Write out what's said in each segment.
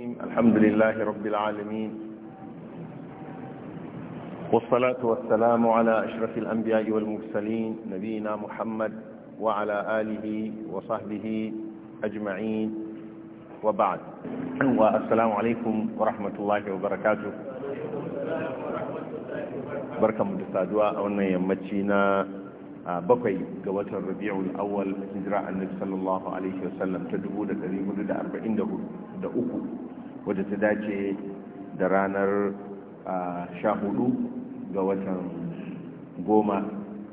الحمد لله رب العالمين والصلاة والسلام على أشرف الأنبياء والمرسلين نبينا محمد وعلى آله وصحبه أجمعين وبعد والسلام عليكم ورحمة الله وبركاته بركة مدسادواء أولنا يمتشينا آه، بقي الربيع الأول watan rabi'ul صلى الله عليه وسلم alaihi wasallam لدى أربعين da uku wadda ta dace da ranar sha hudu ga watan goma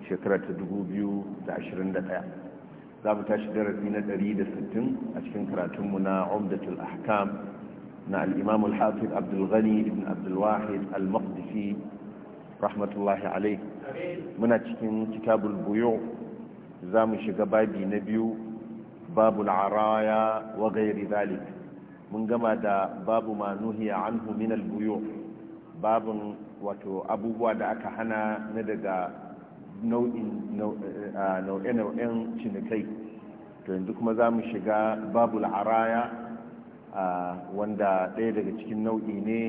shekara ta dubu biyu da ɗaya za mu tashi darasi na ɗari da sittin a cikin karatunmu na umdatul ahkam na al'imam al-hafiz abdulghani ibn abdulwahid al-maqdisi rahmatullahi alai muna cikin kitabul buyu za mu shiga babi na biyu babul araya wa gairi zalika mun gama da babu ma nuhiya anhu min al wato abubuwa da aka hana na daga nau'in eh, ah, cinikai to yanzu kuma za mu shiga babu al'araya ah, wanda ɗaya daga cikin nau'i ne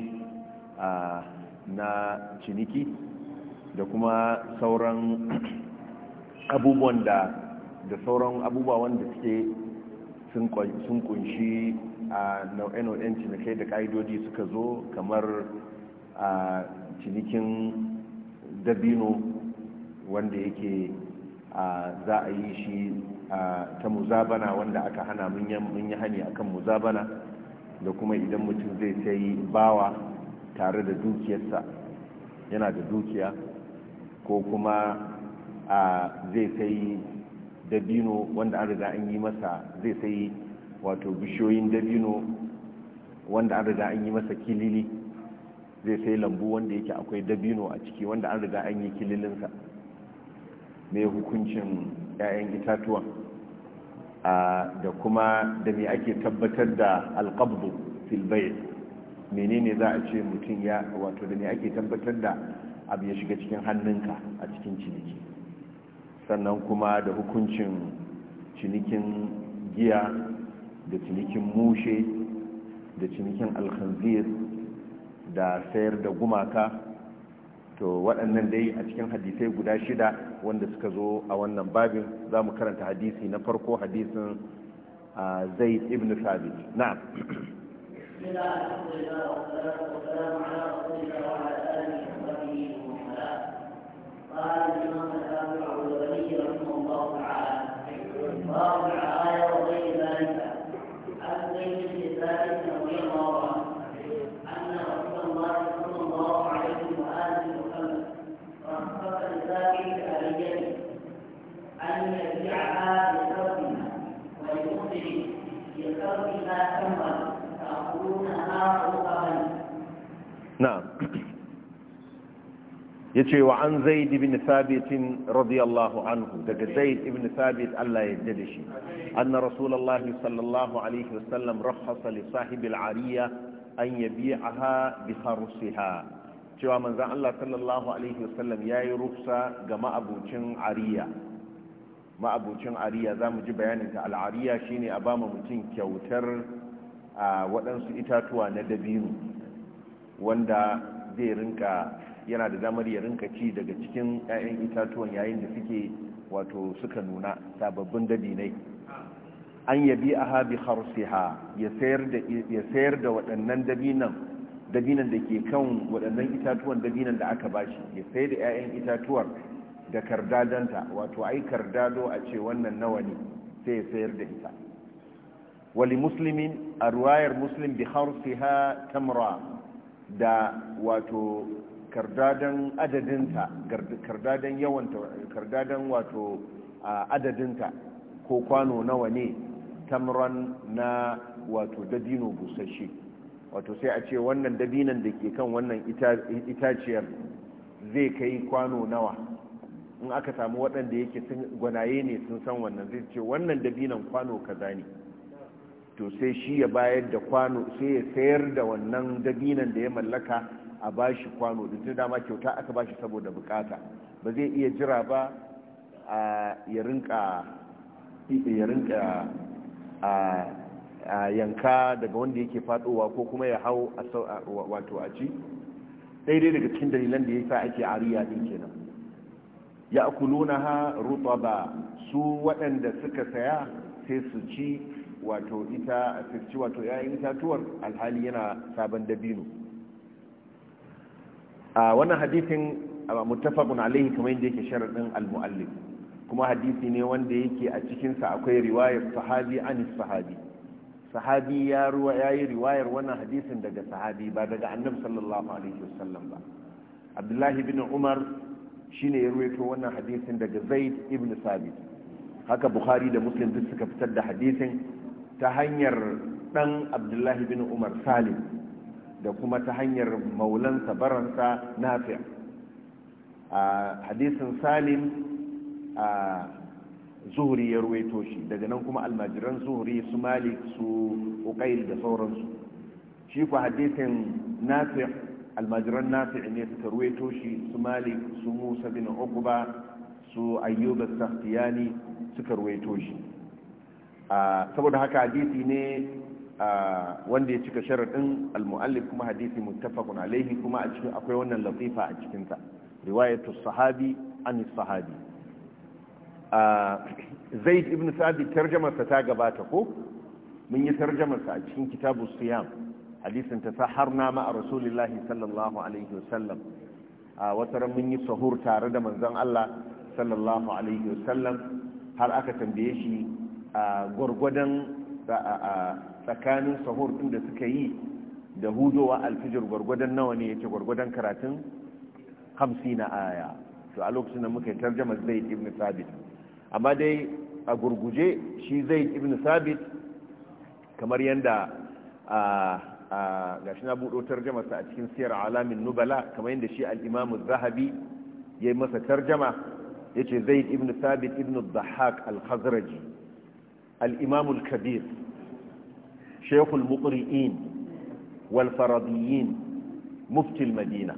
ah, na ciniki da kuma sauran abubuwan da da sauran abubuwa wanda suke sun kunshi a nau'in cinikai da ƙa'idodi suka zo kamar a cinikin dabino wanda yake za a yi shi ta muzabana wanda aka hana mun yi hani akan muzabana da kuma idan mutum zai sai bawa tare da dukiyarsa yana da dukiya ko kuma zai sai dabino wanda an riga an yi masa zai sai wato bishiyoyin dabino wanda an riga an yi masa kilili zai sai lambu wanda yake akwai dabino a ciki wanda an riga an yi kililinsa mai hukuncin 'ya'yan itatuwa da kuma da mai ake tabbatar da alkabdu filbayil menene za a ce mutum ya wato da mai ake tabbatar da abu ya shiga cikin hannunka a cikin ciniki sannan kuma da hukuncin cinikin giya da cinikin mushe da cinikin alkhanzir da sayar da gumaka to waɗannan dai a cikin hadisai guda shida wanda suka zo a wannan babin za mu karanta hadisi na farko hadisin zai ibn thabit na'am قال الإمام الأبي عبد الغني رحمه الله تعالى باب العاية na'am yace wa an zaid ibn thabit radiyallahu anhu daga zaid ibn thabit Allah ya yarda da shi anna rasulullahi sallallahu alaihi wasallam rakhasa li sahibi al-ariya an yabi'aha bi kharsiha cewa manza Allah sallallahu alaihi wasallam yayi ruksa ga ma'abucin ariya ma'abucin ariya zamu ji bayanin ta al-ariya shine a bama mutum kyautar a waɗansu itatuwa na dabino wanda zai rinka yana da damar ya rinka ci daga cikin 'ya'yan itatuwan yayin da suke wato suka nuna sababbin dabinai an yabi a habi harsiha ya sayar da waɗannan dabinan dabinan da ke kan waɗannan itatuwan dabinan da aka bashi ya sayar da 'ya'yan itatuwar da kardadanta wato ai kardado a ce wannan nawa ne sai ya sayar da ita wali muslimin a ruwayar muslim bi harfiha tamra da wato kardadan adadinta kardadan yawanta kardadan wato adadinta ko kwano nawa ne tamran na wato dabino busashi wato sai a ce wannan dabinan da ke kan wannan itaciyar zai kai kwano nawa in aka samu waɗanda yake gwanaye ne sun san wannan zai ce wannan dabinan kwano kaza ne to sai shi ya bayar da kwano sai ya sayar da wannan dabinan da ya mallaka a bashi kwano da dama kyauta aka bashi saboda bukata ba zai iya jira ba ya rinka yanka daga wanda yake fadowa ko kuma ya hau a wato a ci daidai daga cikin dalilan da ya sa ake ariya din kenan ya na ha rutaba su waɗanda suka saya sai su ci wato ita a firci wato ‘ya'yan itatuwar alhali yana sabon dabino a wannan hadithin mutafakun alaihi kamar yadda yake sharaɗin al-mu'allif kuma hadisi ne wanda yake a cikinsa akwai riwayar sahabi anis sahabi sahabi ya ruwa ya yi riwayar wannan hadisin daga sahabi ba daga annabi sallallahu alaihi wasallam ba abdullahi bin umar shine ya ruwaito wannan hadisin daga zaid ibn sabit haka bukhari da muslim duk suka fitar da hadisin ta hanyar ɗan abdullahi bin umar salim da kuma ta hanyar maulansa baransa nafi'a a hadisin salim a zuhuri ya ruwaito shi daga nan kuma almajiran zuhuri su malik su ukail da sauransu shi ku hadisin nafi' almajiran nafi'i ne suka ruwaito shi su malik su musa bin okuba su ayyuba saktiyani suka ruwaito shi saboda haka hadisi ne wanda ya cika sharaɗin al-mu'allif kuma hadisi muttafaqun alaihi kuma a cikin akwai wannan latifa a cikin ta riwayatu sahabi an sahabi zaid ibn sabit tarjamarsa ta gabata ko mun yi tarjamarsa a cikin kitabu siyam hadisin ta saharna ma a rasulillahi sallallahu alaihi wasallam a wataran mun yi sahur tare da manzon Allah sallallahu alaihi wasallam har aka tambaye shi a gwargwadon tsakanin sahur ɗin da suka yi da hudowa alfijir gwargwadon nawa ne yake gwargwadon karatun hamsi na aya to a lokacin da muka yi tarjama zai ibn sabit amma dai a gurguje shi zai ibn sabit kamar yadda gashi na buɗo tarjamarsa a cikin siyar alamin nubala kamar yadda shi al'imamu zahabi ya yi masa tarjama ya ce zai ibn sabit ibn dhahak al-khazraji imamul kabir shekul muqri'in wal farabiyin muftil madina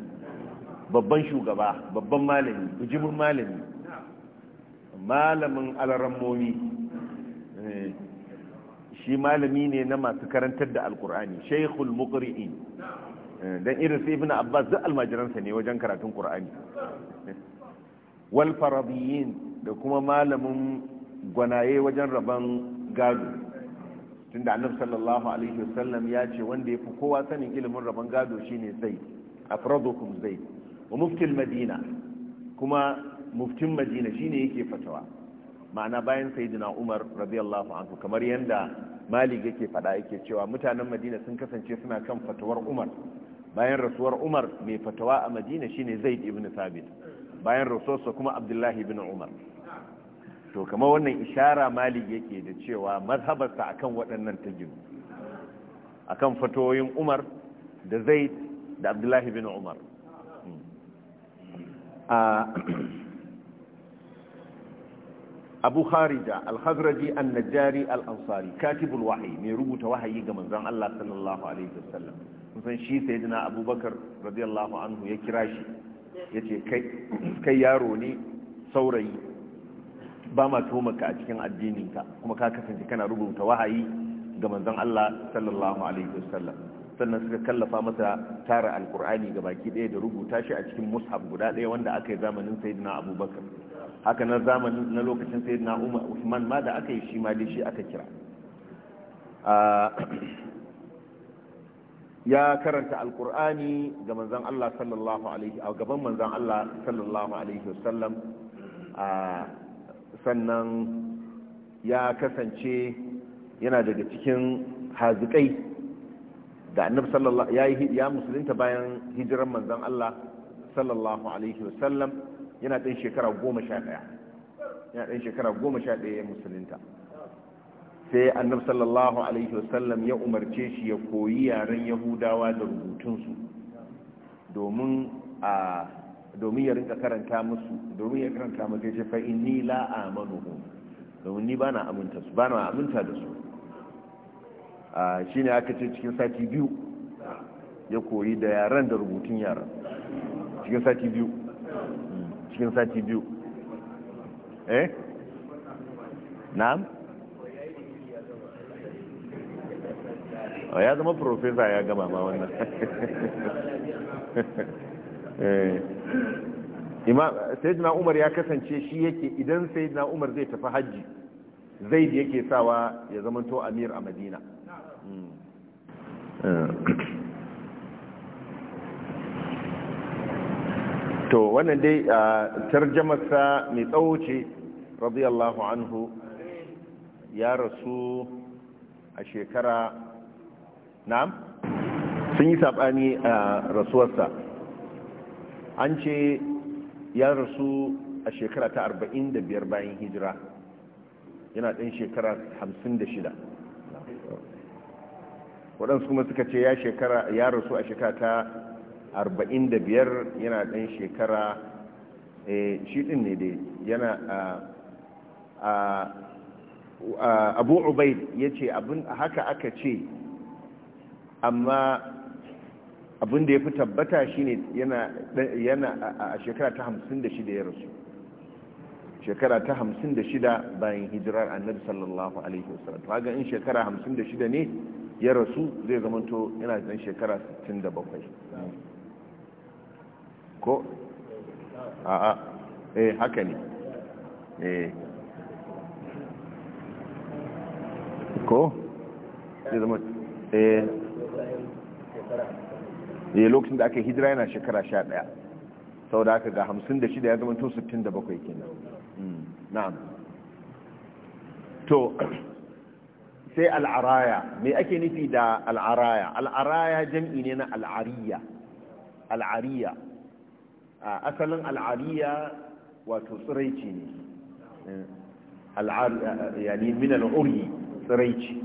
babban shugaba babban malami bijimin malami malamin alarammomi shi malami ne na masu karantar da alkur'ani shekul muqri'in don irin ibn abbas da almajiransa ne wajen karatun qur'ani wal farabiyin da kuma malamin gwanaye wajen rabon gado tunda annab sallallahu alaihi wasallam ya ce wanda ya fi kowa sanin ilimin rabon gado shine zai afradukum zai wa muftil madina kuma muftin madina shine yake fatawa ma'ana bayan sayyidina umar radiyallahu anhu kamar yanda malik yake fada yake cewa mutanen madina sun kasance suna kan fatawar umar bayan rasuwar umar mai fatawa a madina shine zaid ibn thabit bayan rasuwarsa kuma abdullahi ibn umar to kamar wannan ishara malik yake da cewa mazhabarsa akan waɗannan ta akan fatoyin umar da zaid da abdullahi bin umar abu harija al-hazraji an-najjari al-ansari katibul wahayi mai rubuta wahayi ga manzon Allah sallallahu alaihi wasallam kusan shi sayyidina abubakar radiyallahu anhu ya kira shi yace kai yaro ne saurayi ba ma tuhumarka a cikin addininka kuma ka kasance kana rubuta wahayi ga manzon Allah sallallahu alaihi wasallam sannan suka kallafa masa tara alkur'ani ga baki ɗaya da rubuta shi a cikin mushaf guda ɗaya wanda aka yi zamanin sayyidina abubakar haka na zamanin na lokacin sayyidina umar usman ma da aka yi shi ma dai shi aka kira ah, ya karanta alkur'ani ga manzon Allah sallallahu alaihi a gaban manzon Allah sallallahu alaihi wasallam ah, sannan ya kasance yana daga cikin hazikai da annabi sallallahu ya ya musulunta bayan hijiran manzon Allah sallallahu alaihi wasallam yana ɗan shekara goma sha ɗaya yana ɗan shekara goma sha ɗaya ya musulunta sai annabi sallallahu alaihi wasallam ya umarce shi ya koyi yaren yahudawa da rubutunsu domin a domin ya rinka karanta musu domin ya karanta musu ya ce fa inni la hu domin ni bana aminta su na aminta da su a shine aka ce cikin sati biyu ya koyi da yaran da rubutun yaran cikin sati biyu hmm, cikin sati biyu eh na'am oh, ya zama profesa ya gama ma wannan Eh. sayyidina umar ya kasance shi yake idan sayyidina umar zai tafi hajji zai da yake sawa ya zamanto amir a madina hmm. to wannan dai a tarjamarsa mai tsawo ce radiyallahu anhu ya rasu a shekara na sun yi saɓani a rasuwarsa an ce ya rasu a shekara ta 45 bayan hijira yana ɗin shekara 56 waɗansu kuma suka ce ya rasu a shekara ta 45 yana ɗin shekara eh, shi ɗin ne dai yana abu ubaid ya ce haka aka ce amma abin da ya fi tabbata shine yana yana a shekara ta hamsin da shida ya rasu shekara ta hamsin da shida bayan hijirar annabi sallallahu alaihi wasallam to ga in shekara hamsin da shida ne ya rasu zai zama to yana zan shekara sittin da bakwai. ko a a eh haka ne eh ko zai zama eh ya lokacin da aka hijira yana shekara sha ɗaya sau da aka ga hamsin da shida ya zama tun sittin da bakwai kenan hmm, na'am to sai al'araya mai ake nufi da al'araya al'araya jam'i ne na al'ariya al'ariya a asalin al'ariya wato tsiraici ne eh, yani min al'uri tsiraici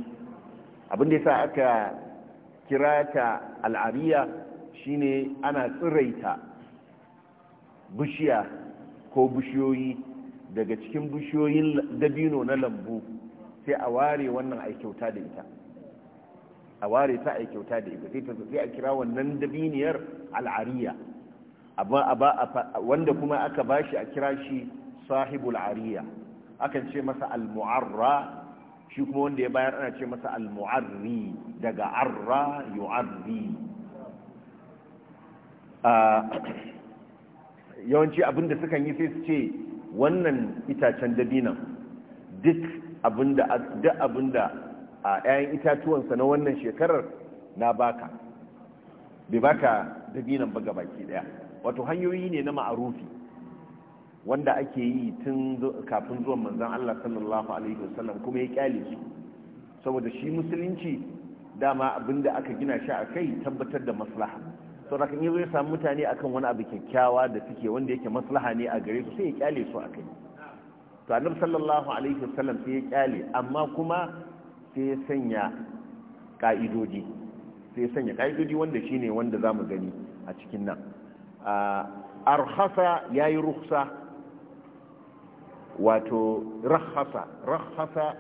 abinda ya sa aka kira ta al'ariya shine ana tsiraita bishiya ko bishiyoyi daga cikin bishiyoyin dabino na lambu sai a ware wannan aikyauta kyauta da ita a ware ta a kyauta da ita sai ta sai a kira wannan dabiniyar al'ariya wanda kuma aka bashi a kira shi sahibul ariya akan ce masa al-mu'arra shi kuma wanda ya bayar ana ce masa al-mu'arri daga arra yu'arri yawanci abin da yi sai su ce wannan itacen dabinan duk abin da a 'ya'yan itatuwansa na wannan shekarar na baka bai baka dabinan ba ga baki ɗaya wato hanyoyi ne na ma'arufi wanda ake yi tun kafin zuwan manzan Allah sallallahu alaihi wasallam kuma ya kyale su saboda shi musulunci dama abinda aka gina shi a kai tabbatar da maslaha saboda kan yi samu mutane akan wani abu kyakkyawa da suke wanda yake maslaha ne a gare su sai ya kyale su kai to annabi sallallahu alaihi wasallam sai ya kyale amma kuma sai ya sanya ka'idoji sai ya sanya ka'idoji wanda shine wanda zamu gani a cikin nan arhasa yayi ruksa wato rahasa rahasa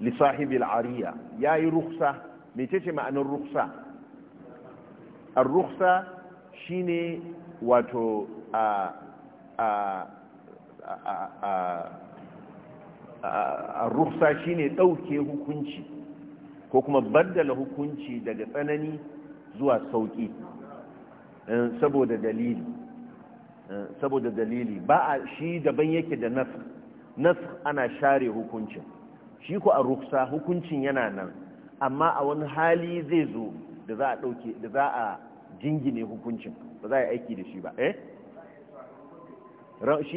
li sahibi al-ariya yayi ruksa mecece ma'anar ruksa. ar-rukhsa shine wato a a a rukhsa shine dauke hukunci ko kuma baddala hukunci daga tsanani zuwa sauki saboda dalili saboda dalili ba a shi daban yake da nas nas ana share hukuncin shi ko a ruksa hukuncin yana nan amma a wani hali zai zo da za a dauke da za a jingine hukuncin ba za a yi aiki da shi ba eh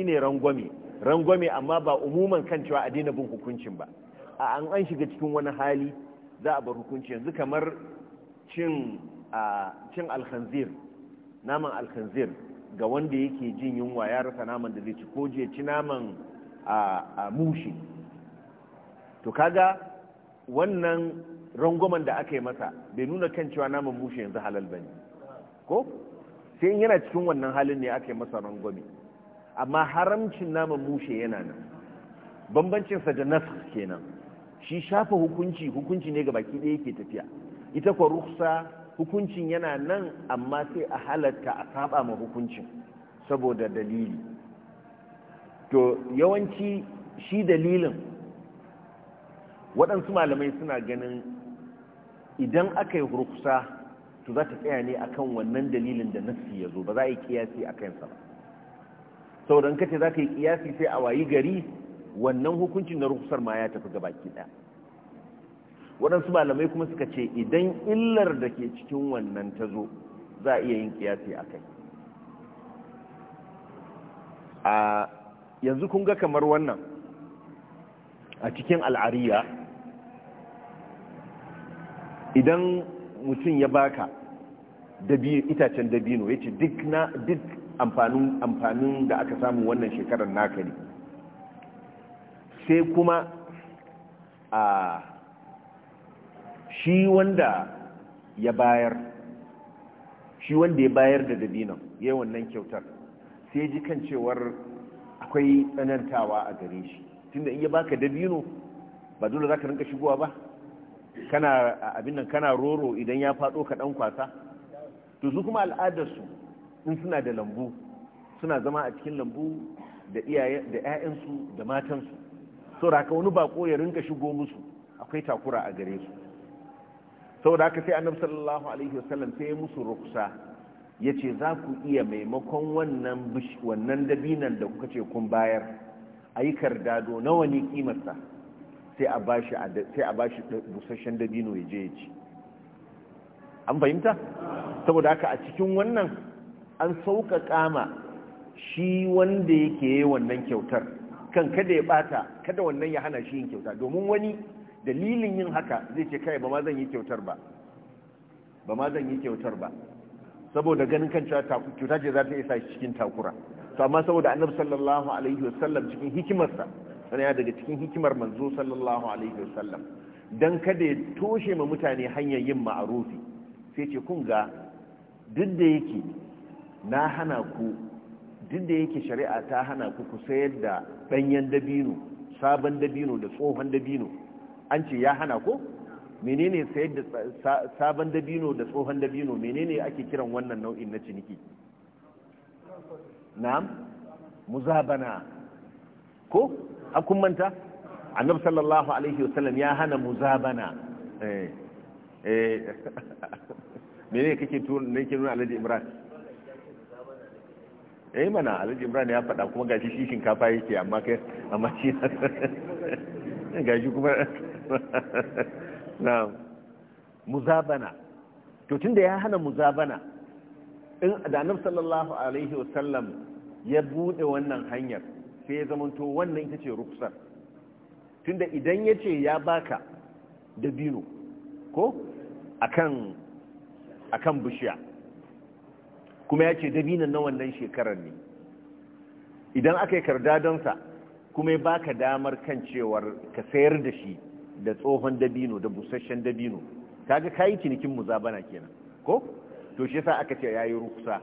ne rangwame rangwame amma ba umuman kan cewa a daina bin hukuncin ba a an an shiga cikin wani hali za a bar hukunci yanzu kamar cin cin alkhanzir naman alkhanzir ga wanda yake jin yunwa ya rasa naman da zai ci ko je ci naman a mushi to kaga wannan rangwamen da aka yi masa bai nuna kan cewa naman bushe yanzu halal ba ne ko sai yana cikin wannan halin ne aka yi masa rangwame amma haramcin naman bushe yana nan bambancinsa da nas kenan shi shafa hukunci hukunci ne ga baki ɗaya yake tafiya ita kwa ruksa hukuncin yana nan amma sai a halatta a saba ma hukuncin saboda dalili to yawanci shi dalilin waɗansu malamai suna ganin idan aka yi rukusa to za ta tsaya ne akan wannan dalilin da nassi ya zo ba za a yi kiyasi a kansa ba saboda ka ce za ka yi kiyasi sai a wayi gari wannan hukuncin na rukusar ma ya tafi gaba ki ɗaya waɗansu malamai kuma suka ce idan illar da ke cikin wannan ta zo za a iya yin kiyasi a kai a yanzu kun ga kamar wannan a cikin al'ariya idan mutum ya baka itacen dabino ya ce duk amfanin da aka samu wannan shekarar naka ne sai kuma a shi wanda ya bayar shi wanda ya bayar da dabinon ya wannan kyautar sai ji kan cewar akwai tsanantawa a gare shi tunda in ya baka dabino ba dole za ka rinka shigowa ba kana abin nan kana roro idan ya faɗo ka ɗan kwasa to su kuma al'adarsu in suna da lambu suna zama a cikin lambu da ‘ya'yansu da matansu saboda haka wani baƙo ya rinka shigo musu akwai takura a gare su saboda haka sai annabi sallallahu alaihi wasallam sai ya musu ruksa ya ce za ku iya maimakon wannan wannan dabinan da kuka ce kun bayar a yi kardado nawa ne kimarsa sai a bashi sai a busasshen dabino ya je ya ci an fahimta saboda haka a cikin wannan an sauƙaƙa ma shi wanda yake wannan kyautar kan kada ya bata kada wannan ya hana shi yin kyauta domin wani dalilin yin haka zai ce kai ba ma zan yi kyautar ba ba ma zan yi kyautar ba saboda ganin kan cewa kyauta ce za ta isa cikin takura to amma saboda annabi sallallahu alaihi wasallam cikin hikimarsa sanaya daga cikin hikimar manzo sallallahu alaihi wasallam dan kada ya toshe ma mutane hanyar yin ma'arufi sai ce kun ga duk da yake na hana ku duk da yake shari'a ta hana ku ku sayar da danyen dabino sabon dabino da tsohon dabino an ce ya hana ko menene sayar da sabon dabino da tsohon dabino menene ake kiran wannan nau'in na ciniki na'am muzabana ko a manta annabi sallallahu alaihi wasallam ya hana muzabana eh eh mene kake tun ne ke nuna alhaji imran eh mana alhaji imran ya faɗa kuma gashi shi shinkafa yake amma kai amma shi gashi kuma na muzabana to tunda ya hana muzabana in da annabi sallallahu alaihi wasallam ya bude wannan hanyar sai ya zamanto wannan ita ce rukusar tunda idan ya ce ya baka da bino ko akan bishiya kuma ya ce dabinan na wannan shekarar ne idan aka yi kardadonsa kuma ya baka damar kan cewar ka sayar da shi da tsohon dabino da busasshen dabino kaga kayi cinikin muzabana kenan ko to shi yasa aka ce yayi ruksa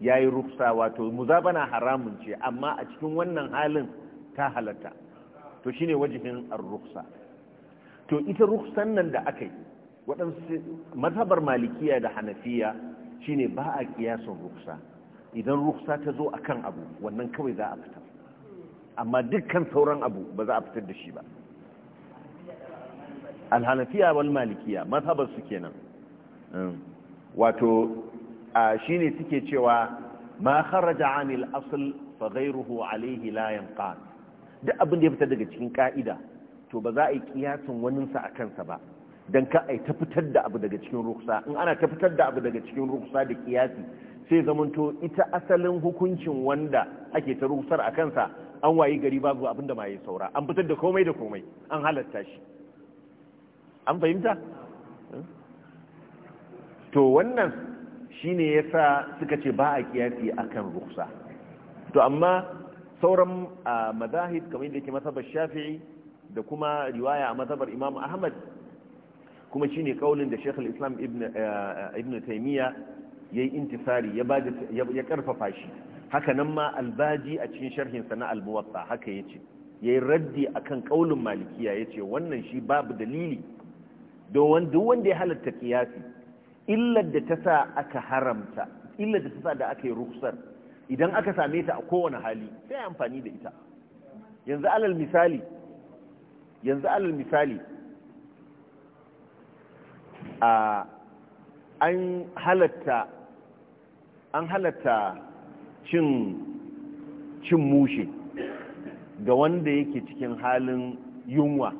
ya yi rufsa wato muzabana haramun ce amma a cikin wannan halin ta halatta to shi ne wajihin rufsa to ita rufsan nan da aka yi waɗansu mazhabar malikiya da hanafiya shi ne ba a ƙiyasin rufsa idan rufsa ta zo a kan abu wannan kawai za a fitar amma dukkan sauran abu ba za a fitar da shi ba alhanafiya wal malikiya mazhabar su kenan wato shine suke cewa ma kharaja anil asl fa ghayruhu alayhi la yanqan duk abin da ya fita daga cikin ka'ida to ba za a yi kiyasin sa a kansa ba dan ka ai ta fitar da abu daga cikin ruksa in ana ta fitar da abu daga cikin ruksa da kiyasi sai zamanto ita asalin hukuncin wanda ake ta ruksar a kansa an wayi gari babu abin da ma ya saura an fitar da komai da komai an halatta shi an fahimta to wannan Shi ne ya sa suka ce ba a kiyasi akan ruksa to amma sauran mazahid kamar yadda ke mazhabar shafi'i da kuma riwaya a mazhabar imam ahmad kuma shi ne kaunin da shekul islam ibn taimiyya ya yi intisari ya karfafa shi haka nan ma albaji a cikin sharhinsa na almuwatsa haka ya ce ya yi raddi a kan kaunin malikiya ya ce wannan shi babu dalili don wanda ya halatta kiyasi illar da ta sa aka haramta illar da ta sa da aka yi ruksar idan aka same ta a kowane hali sai amfani da ita yanzu alal misali yanzu alal misali a an halatta an halatta cin cin mushe ga wanda yake cikin halin yunwa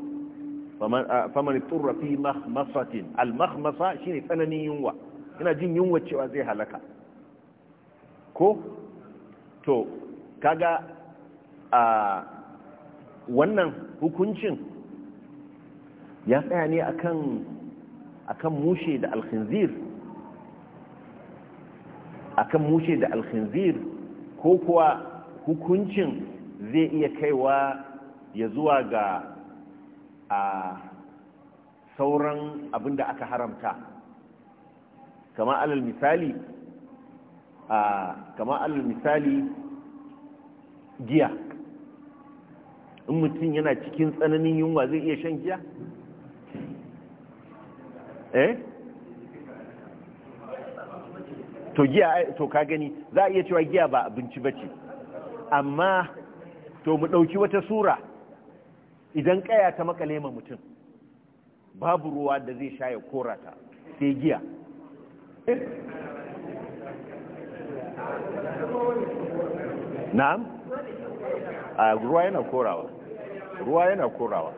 faman turra fi mahmasatin al-mahmasa shine tsananin yunwa ina jin yunwa cewa zai halaka ko to kaga a wannan hukuncin ya tsaya ne akan akan mushe da al-khinzir akan mushe da al-khinzir ko kuwa hukuncin zai iya kaiwa ya zuwa ga a sauran abin da aka haramta kama alal misali a kama alal misali giya in mutum yana cikin tsananin yunwa zai iya shan giya? eh? to giya to ka gani za a iya cewa giya ba abinci ba ce amma to mu ɗauki wata sura idan kaya ta makale ma mutum babu ruwa da zai sha ya korata sai giya na'am a ruwa yana korawa ruwa yana korawa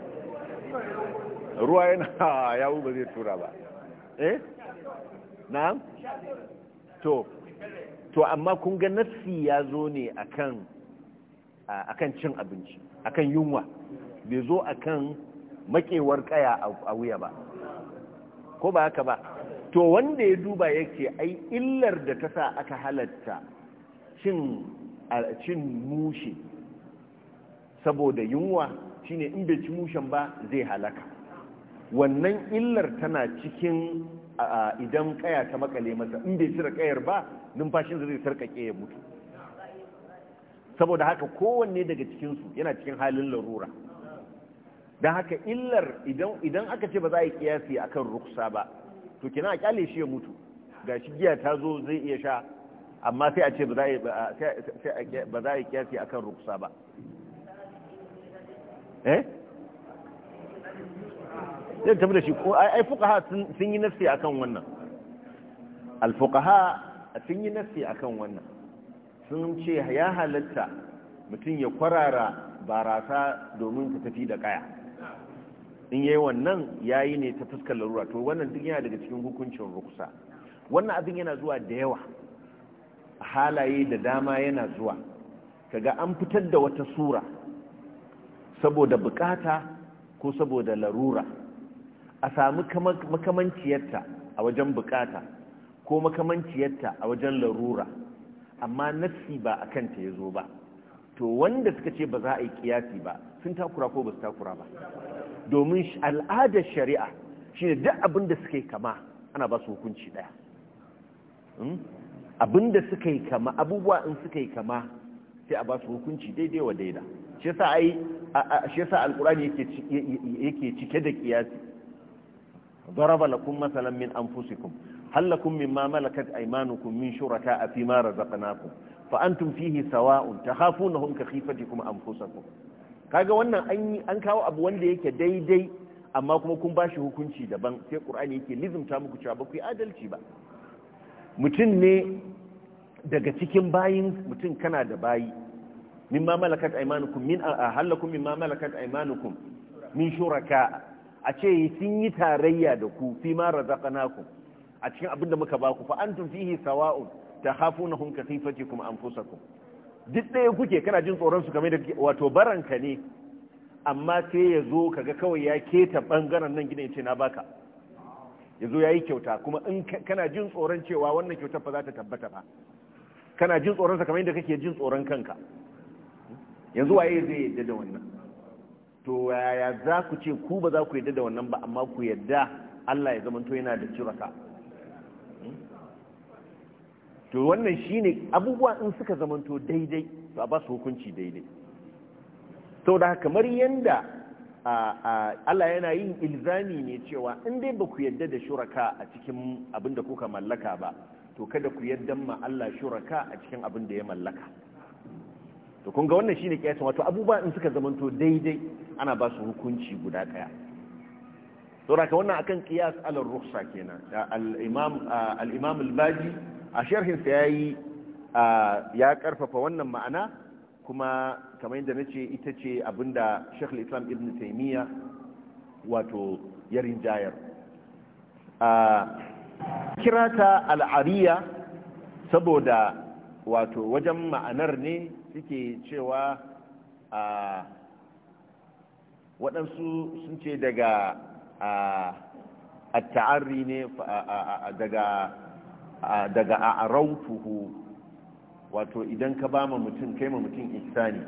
ruwa yana yawo ba zai tura ba eh na'am to to amma kun ga nassi ya zo ne akan akan cin abinci akan yunwa bai zo a kan makewar kaya a wuya ba ko ba haka ba to wanda ya duba yake ai illar da ta sa aka halatta cin mushe saboda yunwa shine in bai ci mushen ba zai halaka wannan illar tana cikin idan kaya ta makale masa in bai cire kayar ba numfashin zai sarkake ya mutu saboda haka kowanne daga cikinsu yana cikin halin larura don haka illar idan aka ce ba za a yi kiyasi akan ruksa ba to kina a kyale shi ya mutu ga shi giya ta zo zai iya sha amma sai a ce ba za a yi kiyasi akan ruksa ba eh zai tafi da shi ko ai fuqaha sun yi nafsi akan wannan al fuqaha sun yi nafsi akan wannan sun ce ya halatta mutum ya kwarara barasa domin ta tafi da kaya in yayi wannan yayi ne ta fuskar larura to wannan duk yana daga cikin hukuncin ruksa wannan abin yana zuwa da yawa halaye da dama yana zuwa kaga an fitar da wata sura saboda bukata ko saboda larura a sami makamanciyarta a wajen bukata ko makamanciyarta a wajen larura amma nassi ba a kanta ya zo ba to wanda suka ce ba za a yi kiyasi ba sun takura ko ba su takura ba domin al'adar shari'a shine duk abin da suka kama ana ba su hukunci daya hmm? abin da suka yi kama abubuwa in suka yi kama sai a ba su hukunci daidai wa daida shi yasa ai yake cike da kiyasi daraba lakum masalan min kun hal lakum mimma malakat aymanukum min shuraka fi ma razaqnakum fa antum fihi sawa'un takhafunahum ka khifatikum anfusakum kaga wannan an yi an kawo abu wanda yake daidai amma kuma kun ba shi hukunci daban sai ƙur'ani yake lizumta muku cewa ba ku yi adalci ba mutum ne daga cikin bayin mutum kana da bayi ma malakat aymanukum min ahallakum ma malakat aymanukum min shuraka a ce sun yi tarayya da ku fi ma razaqnakum a cikin abin da muka ba ku fa antum fihi sawa'un tahafunahum kasifatikum anfusakum duk ɗaya kuke kana jin tsoron su game da wato baranka ne amma sai ya zo kaga kawai ya keta bangaren nan gina ce na baka ya zo ya yi kyauta kuma in kana jin tsoron cewa wannan kyautar ba za ta tabbata ba kana jin tsoron sa kamar yadda kake jin tsoron kanka yanzu waye zai yadda da wannan to yaya za ku ce ku ba za ku yadda da wannan ba amma ku yadda Allah ya zamanto yana da jiraka to wannan shi ne abubuwa in suka zamanto daidai to a ba hukunci daidai haka, kamar yadda Allah yana yin ilzami ne cewa in dai ba ku yadda da shuraka a cikin abin da kuka mallaka ba to kada ku yadda ma Allah shuraka a cikin abin da ya mallaka to kun ga wannan shine kiyasin wato abubuwa in suka zamanto daidai ana basu hukunci guda daya da ka wannan akan kiyas alal ruksa kenan al-imam al-baji a sharhinsa ya yi ya karfafa wannan ma'ana kuma kamar yadda na ce ita ce abinda sheikh islam ibn taimiyya wato ya kirata al'ariya saboda wato wajen ma'anar ne suke cewa a waɗansu sun ce daga a ta'arri ne daga daga rautuhu wato idan ka ba ma mutum kai ma mutum ihsani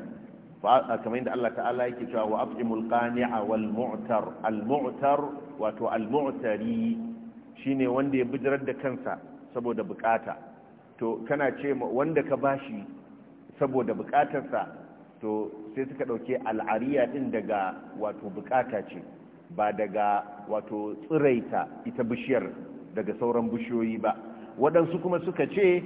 fa kamar yadda Allah ta'ala yake cewa wa at'imul qani'a wal mu'tar al mu'tar wato al mu'tari shine wanda ya bijirar da kansa saboda bukata to kana ce wanda ka bashi saboda bukatarsa to sai suka dauke al'ariya din daga wato bukata ce ba daga wato tsiraita ita bishiyar daga sauran bishiyoyi ba waɗansu kuma suka ce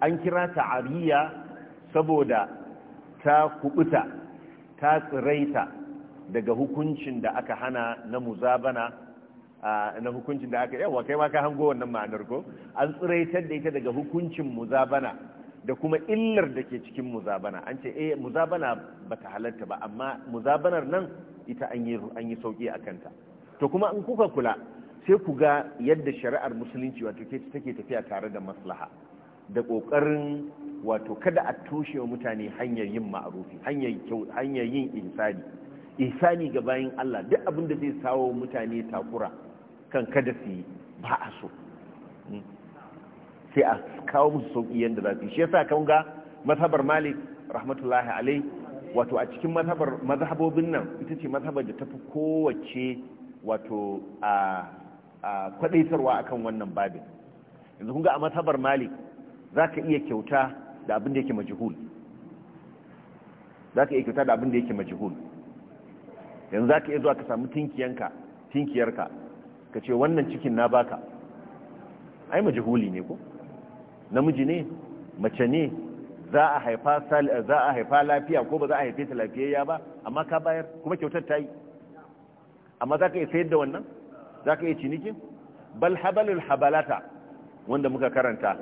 an kira ta ariya saboda ta kubuta ta tsiraita daga hukuncin da aka hana na muzabana na hukuncin da aka yawa kai maka hango wannan ma'anar ko an tsiraita da ita daga hukuncin muzabana da kuma illar da ke cikin muzabana an ce eh muzabana ba ta halatta ba amma muzabanar nan ita an yi an sauki a kanta to kuma in kuka kula sai ku ga yadda shari'ar musulunci wato ke take tafiya tare da maslaha da kokarin wato kada a toshe wa mutane hanyar yin ma'arufi hanyar yin insani insani ga bayan Allah duk abin da zai sawo mutane takura kan kada su yi ba a so hmm. sai a kawo musu sauƙi yadda za su yi shi yasa kan ga mazhabar malik rahmatullahi alai wato a cikin mazhabobin nan ita ce mazhabar da ta fi kowace wato a kwadaitarwa akan wannan babin yanzu kun a mazhabar malik za ka iya kyauta da abin da yake majihul za ka iya kyauta da abin da yake majihul yanzu za iya zuwa ka samu tinkiyanka tinkiyarka ka ce wannan cikin na baka ai majihuli ne ko namiji ne mace ne za a haifa za a haifa lafiya ko ba za a haife ta lafiyayya ba amma ka bayar kuma kyautar ta yi amma za ka iya sayar da wannan za ka iya cinikin bal habalul habalata wanda muka karanta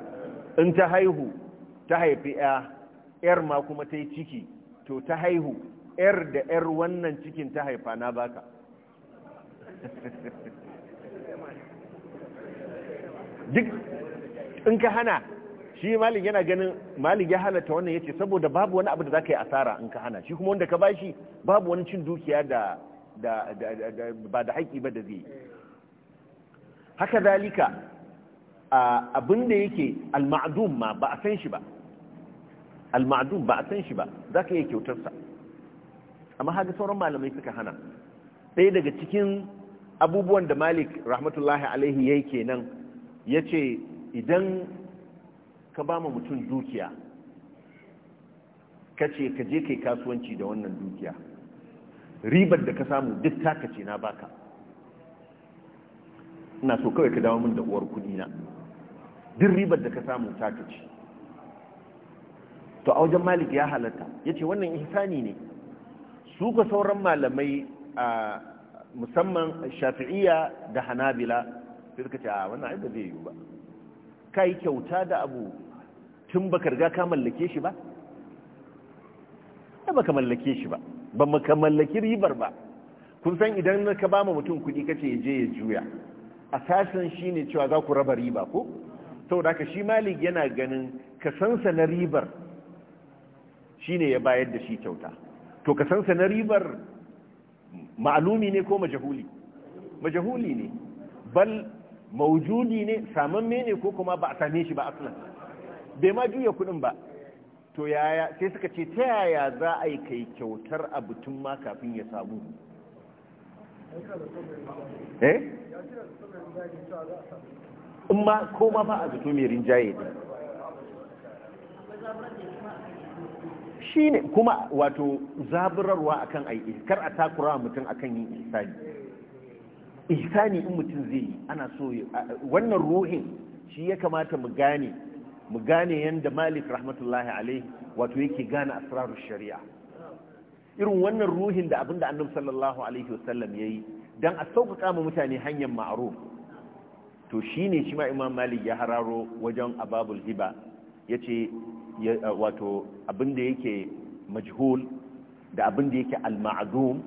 in ta haihu ta haifi ya yar ma kuma ta yi ciki to ta haihu yar da yar wannan cikin ta haifa na baka duk in ka hana shi malik yana ganin malik ya halatta wannan yace saboda babu wani abu da zaka yi asara in ka hana shi kuma wanda ka bashi babu wani cin dukiya da ba da haƙi ba da zai haka zalika abin da yake al-ma'dum ma ba a san shi ba al-ma'dum ba a san shi ba zaka yi kyautar sa amma haka sauran malamai suka hana ɗaya daga cikin abubuwan da malik rahmatullahi alaihi yayi kenan yace idan ka ba mutum dukiya ka ce ka je kai kasuwanci da wannan dukiya ribar da ka samu duk taka ce na baka ina so kawai ka dawo min da uwar kudi na duk ribar da ka samu taka ce to a wajen malik ya halatta ya ce wannan ihsani ne su ga sauran malamai a musamman shafi'iyya da hanabila sai suka ce a wannan ai zai yiwu ba ka yi kyauta da abu tun baka riga ka mallake shi ba ba ka mallake shi ba ba maka mallaki ribar ba kun san idan ka ba ma mutum kuɗi kace ya je ya juya a shi shine cewa za ku raba riba ko saboda haka shi malik yana ganin ka sa na ribar shine ya bayar da shi kyauta to ka kasansa na ribar ma'alumi ne ko majahuli majahuli ne bal maujudi ne saman ne ko kuma ba a same shi ba aslan bai ma juya kudin ba to yaya sai suka ce ta yaya za a yi kai kyautar a tun ma kafin ya samu eh in ma ko ma ba a zato mai rinjaye ne shi ne kuma wato zaburarwa akan aiki kar a takura mutum akan yin isani ihsani in mutum zai yi ana so wannan ruhin shi ya kamata mu gane mu gane yanda malik rahmatullahi alaihi wato yake gane asrarul shari'a irin wannan ruhin da abinda annabi sallallahu alaihi wasallam yayi dan a sauƙaƙa ma mutane hanyar ma'ruf to shine shi ma imam malik ya hararo wajen ababul hiba yace wato abinda yake majhul da abinda yake al-ma'dum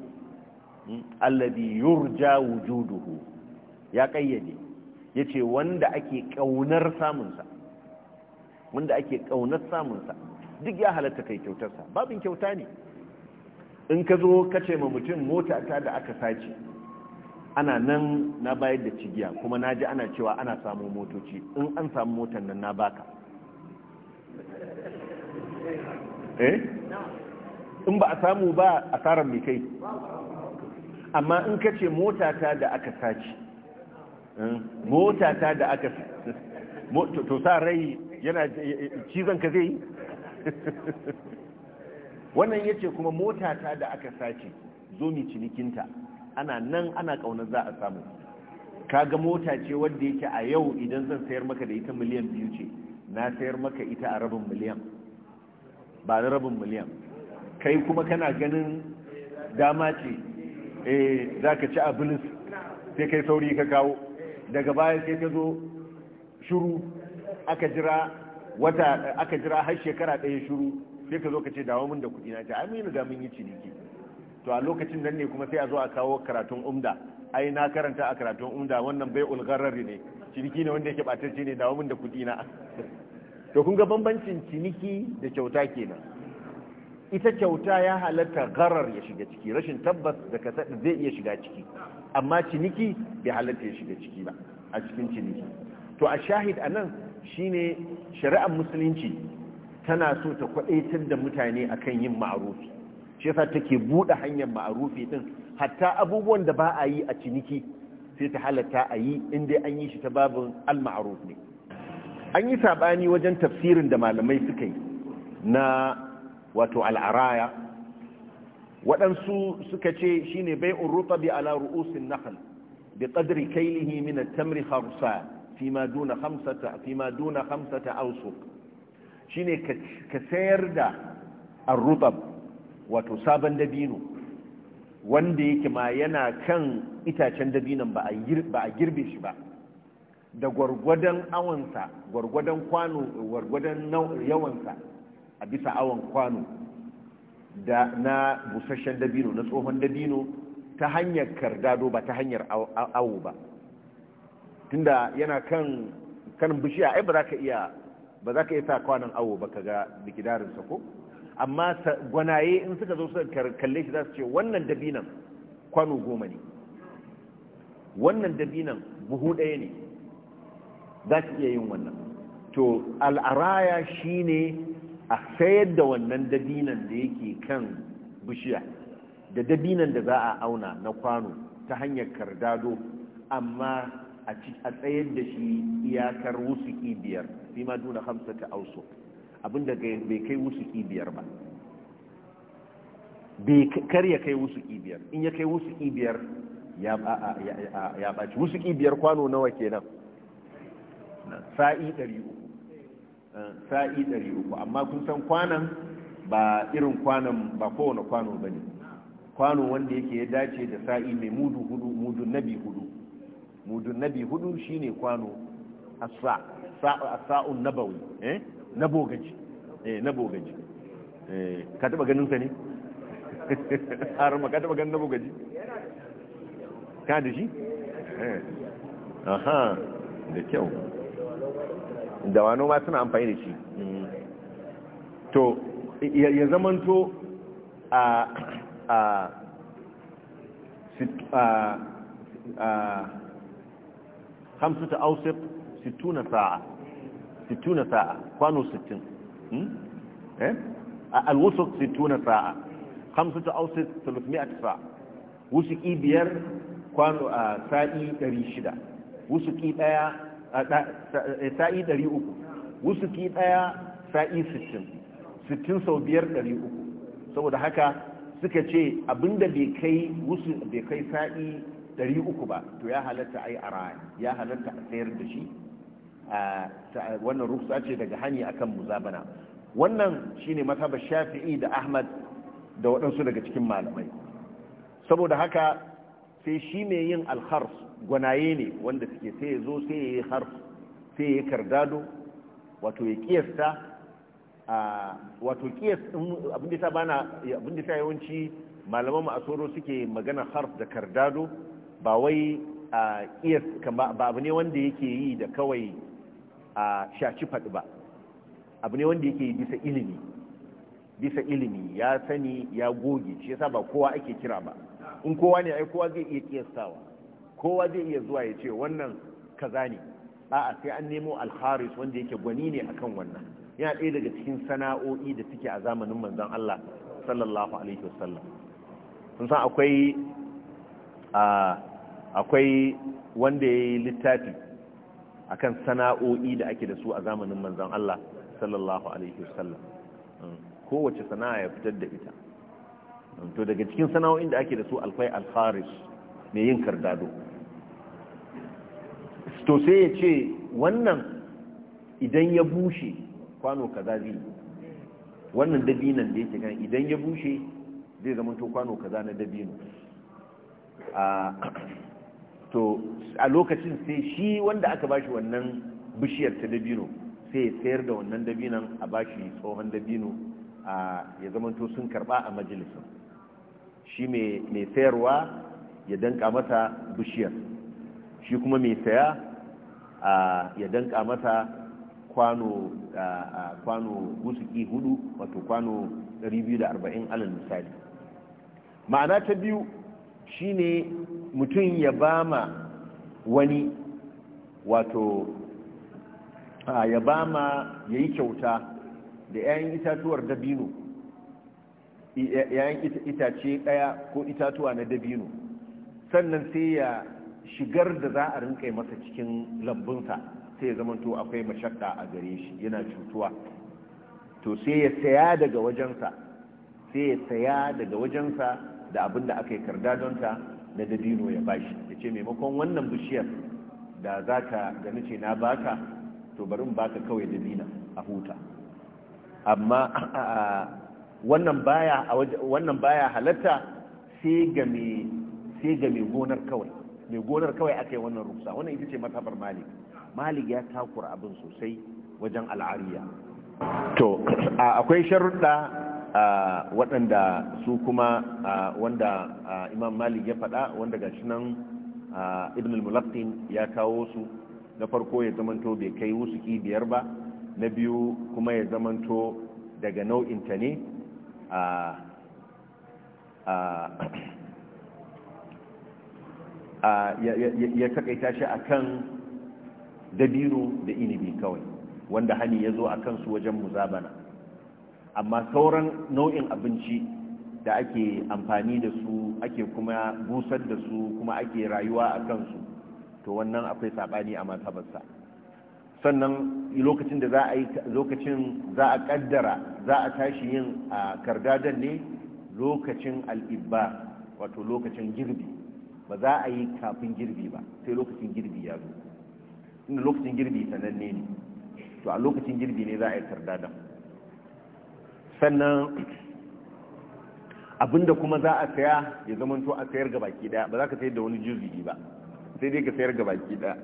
alladhi yurja wujuduhu ya kayyade yace wanda ake kaunar samun sa wanda ake kaunar samun sa duk ya halatta kai kyautar sa babin kyauta ne in ka zo ka ce ma mutum mota ta da aka sace ana nan na bayar da cigiya kuma na ji ana cewa ana samu motoci in an samu motar nan na baka eh in ba a samu ba asarar mai kai amma in ka ce motata da aka sace eh, motata da aka to sa rai yana cizon ka zai wannan ya ce kuma motata da aka sace zo mi cinikinta ana nan ana ƙaunar za a samu kaga mota ce wadda yake a yau idan zan sayar maka da ita miliyan biyu ce na sayar maka ita a rabin miliyan ba na rabin miliyan kai kuma kana ganin dama ce eh za ka ci abinus sai kai sauri ka kawo daga baya sai ka zo shuru aka jira wata aka jira har shekara ɗaya shuru sai ka zo ka ce dawo da kudi na ta aminu ga mun yi ciniki to a lokacin nan ne kuma sai a zo a kawo karatun umda ai na karanta a karatun umda wannan bai ulgarari ne ciniki ne wanda yake batacce ne dawo da kudi na to kun ga bambancin ciniki da kyauta kenan ita kyauta ya halatta gharar ya shiga ciki rashin tabbas da kasaɗi zai iya shiga ciki amma ciniki bai halatta ya shiga ciki ba a cikin ciniki to a shahid a nan shine shari'ar musulunci tana so ta kwaɗaitar da mutane akan yin ma'arufi shi yasa take buɗe hanyar ma'arufi din hatta abubuwan da ba a yi a ciniki sai ta halatta a yi inda an yi shi ta babin al maarufi. ne an yi saɓani wajen tafsirin da malamai suka yi na wato al'araya waɗansu suka ce shi ne bai urruta bi ala ru'usin nakal bi ƙadri kailihi min tamri harsa fi ma duna hamsata ausu shi ne ka sayar da arrutab wato sabon dabino wanda yake ma yana kan itacen dabinan ba a girbe shi ba da gwargwadon awansa gwargwadon kwano gwargwadon yawansa a bisa awon kwano da na busasshen dabino na tsohon dabino ta hanyar kardado ba ta hanyar awo ba tunda yana kan kan bishiya ai ba za ka iya ba za ka iya sa kwanon awo ba ka ga sa ko amma gwanaye in suka zo suka kalle shi za su ce wannan dabinan kwano goma ne wannan dabinan buhu ɗaya ne za su iya yin wannan to al'araya shine a sayar da wannan dabinan da yake kan bishiya da dabinan da za a auna na kwano ta hanyar kardado amma a tsayar da shi iyakar wusuki biyar fi ma duna hamsa ta auso abinda bai kai wusuki biyar ba kar ya kai wusuki biyar in ya kai wusuki biyar ya ɓaci wusuki biyar kwano nawa kenan sa'i 300 sa'i 300 amma kun san kwanan ba irin kwanan ba kowane kwano ba ne kwano wanda yake ya dace da sa'i mai mudu hudu mudun nabi hudu mudun nabi hudu shine kwano asa sa'un nabawi eh na bogaji eh eh ka taba ganin sa ne har ma ka taba ganin na bogaji ka da shi eh aha da kyau da wano ma suna amfani da shi to ya zamanto a a a hamsu ta ausif situna sa'a situna sa'a kwano sittin hmm? eh alwusuk situna sa'a hamsu ta ausif 300 sa'a wusuki biyar kwano a sa'i 600 wusuki daya sa'i 300 wusuki daya sa'i 60 60 sau biyar 300 saboda haka suka ce abinda bai kai wusu bai kai sa'i 300 ba to ya halatta ai a ya halatta a sayar da shi wannan rufsa ce daga hanyar akan muzabana wannan shine mazhabar shafi'i da ahmad da waɗansu daga cikin malamai saboda haka sai shi mai yin alharf gwanaye ne wanda suke sai ya zo sai ya yi harf sai ya yi kardado wato ya kiyasta wato kiyas abinda ta bana abinda yawanci malaman ma'asoro suke magana harf da kardado ba wai kiyas ba abu ne wanda yake yi da kawai a shaci faɗi ba abu ne wanda yake yi bisa ilimi bisa ilimi ya sani ya goge shi sa ba kowa ake kira ba in kowa ne ai kowa zai iya kiyastawa kowa zai iya zuwa ya ce wannan kaza ne a'a sai an nemo alharis wanda yake gwani ne akan wannan yana ɗaya daga cikin sana'o'i da suke a zamanin manzon Allah sallallahu alaihi wasallam sun san akwai akwai wanda ya yi littafi akan sana'o'i da ake da su a zamanin manzon Allah sallallahu alaihi wasallam hmm. kowace sana'a ya fitar da ita to daga cikin sana'o'in da ake da su alfai alfaris mai yin kardado to sai ya ce wannan idan ya bushe kwano kaza zai wannan dabinan da yake gani idan ya bushe zai zama to kwano kaza na dabino to a lokacin sai shi wanda aka bashi wannan bishiyar ta dabino sai ya sayar da wannan dabinan a bashi tsohon dabino ya zama to sun karba a majalisun shi mai sayarwa ya danka masa bishiyar shi kuma mai saya ya danka masa kwano kwano gusuki hudu wato kwano 240 alal misali ma'ana ta biyu shi ne mutum ya ba ma wani wato ya ba ma ya yi kyauta da 'ya'yan itatuwar dabino yayin itace ɗaya ko itatuwa na dabino sannan sai ya shigar da za a rinkai masa cikin lambunsa sai ya zamanto akwai mashakka a gare shi yana cutuwa to sai ya saya daga wajensa sai ya saya daga wajensa da abin da aka yi karda na dabino ya bashi ya ce maimakon wannan bishiyar da za ka gani ce na baka to barin baka kawai dabina a huta amma wannan baya halatta sai ga mai gonar kawai mai gonar kawai yi wannan ruksa wannan ita ce matabar malik malik ya takura abin sosai wajen al'ariya to akwai sharuɗa waɗanda su kuma wanda imam malik ya faɗa wanda ga nan ibn al-mulaqin ya kawo su na farko ya zamanto bai kai wusuki biyar ba na biyu kuma ya zamanto daga nau'inta ne ya takaita shi akan dabiru da inibi kawai wanda hani ya zo a kansu wajen muzabana amma sauran nau'in abinci da ake amfani da su ake kuma busar da su kuma ake rayuwa a kansu to wannan akwai saɓani a matabarsa sannan lokacin da za a yi lokacin za a kaddara za a tashi yin a kardadan ne lokacin al'ibba wato lokacin girbi ba za a yi kafin girbi ba sai lokacin girbi ya zo inda lokacin girbi sananne ne to a lokacin girbi ne za a yi kardadan sannan abinda kuma za a saya ya zama to a sayar ga baki daya ba za ka sayar da wani juzi ba sai dai ka sayar ga baki daya